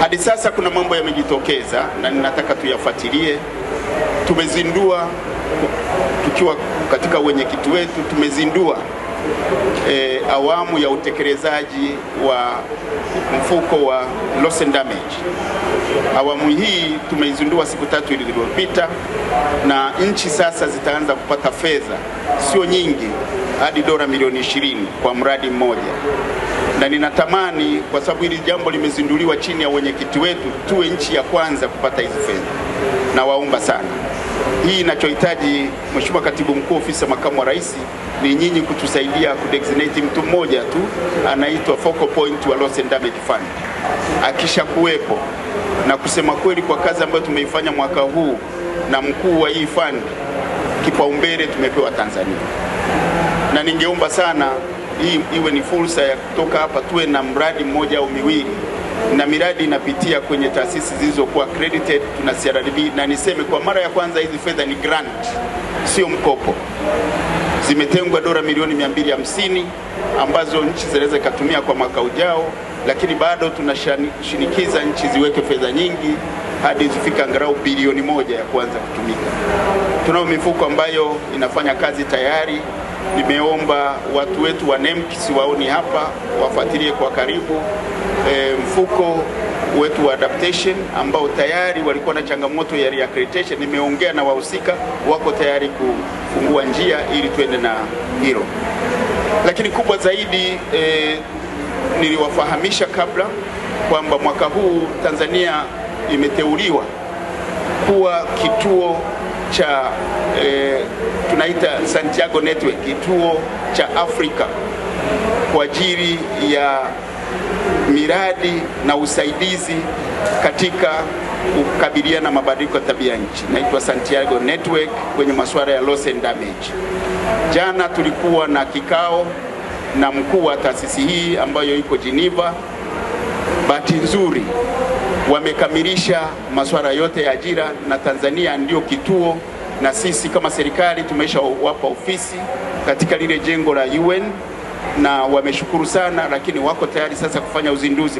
Hadi sasa kuna mambo yamejitokeza na ninataka tuyafuatilie. Tumezindua tukiwa katika wenyekiti wetu, tumezindua e, awamu ya utekelezaji wa mfuko wa loss and damage. Awamu hii tumeizindua siku tatu iliyopita, na nchi sasa zitaanza kupata fedha, sio nyingi, hadi dola milioni ishirini kwa mradi mmoja na ninatamani kwa sababu hili jambo limezinduliwa chini ya wenyekiti wetu, tuwe nchi ya kwanza kupata hizi fedha. Nawaomba sana, hii inachohitaji Mheshimiwa Katibu Mkuu, ofisi ya makamu wa rais, ni nyinyi kutusaidia kudesignate mtu mmoja tu anaitwa focal point wa loss and damage fund. kuwepo na kusema kweli, kwa kazi ambayo tumeifanya mwaka huu na mkuu wa hii fund, kipaumbele tumepewa Tanzania, na ningeomba sana hii iwe ni fursa ya kutoka hapa tuwe na mradi mmoja au miwili, na miradi inapitia kwenye taasisi zilizokuwa accredited, tuna CRDB. Na niseme kwa mara ya kwanza hizi fedha ni grant, sio mkopo. Zimetengwa dola milioni 250 ambazo nchi zinaweza ikatumia kwa mwaka ujao lakini bado tunashinikiza nchi ziweke fedha nyingi hadi zifika angalau bilioni moja ya kuanza kutumika. Tunao mifuko ambayo inafanya kazi tayari. Nimeomba watu wetu wa NEMKIS waoni hapa wafuatilie kwa karibu e, mfuko wetu wa adaptation ambao tayari walikuwa na changamoto ya reaccreditation. Nimeongea na wahusika, wako tayari kufungua njia ili tuende na hilo, lakini kubwa zaidi e, niliwafahamisha kabla kwamba mwaka huu Tanzania imeteuliwa kuwa kituo cha e, tunaita Santiago Network, kituo cha Afrika kwa ajili ya miradi na usaidizi katika kukabiliana na mabadiliko ya tabia nchi, naitwa Santiago Network kwenye masuala ya loss and damage. Jana tulikuwa na kikao na mkuu wa taasisi hii ambayo iko Geneva. Bahati nzuri wamekamilisha masuala yote ya ajira, na Tanzania ndiyo kituo, na sisi kama serikali tumesha wapa ofisi katika lile jengo la UN na wameshukuru sana, lakini wako tayari sasa kufanya uzinduzi.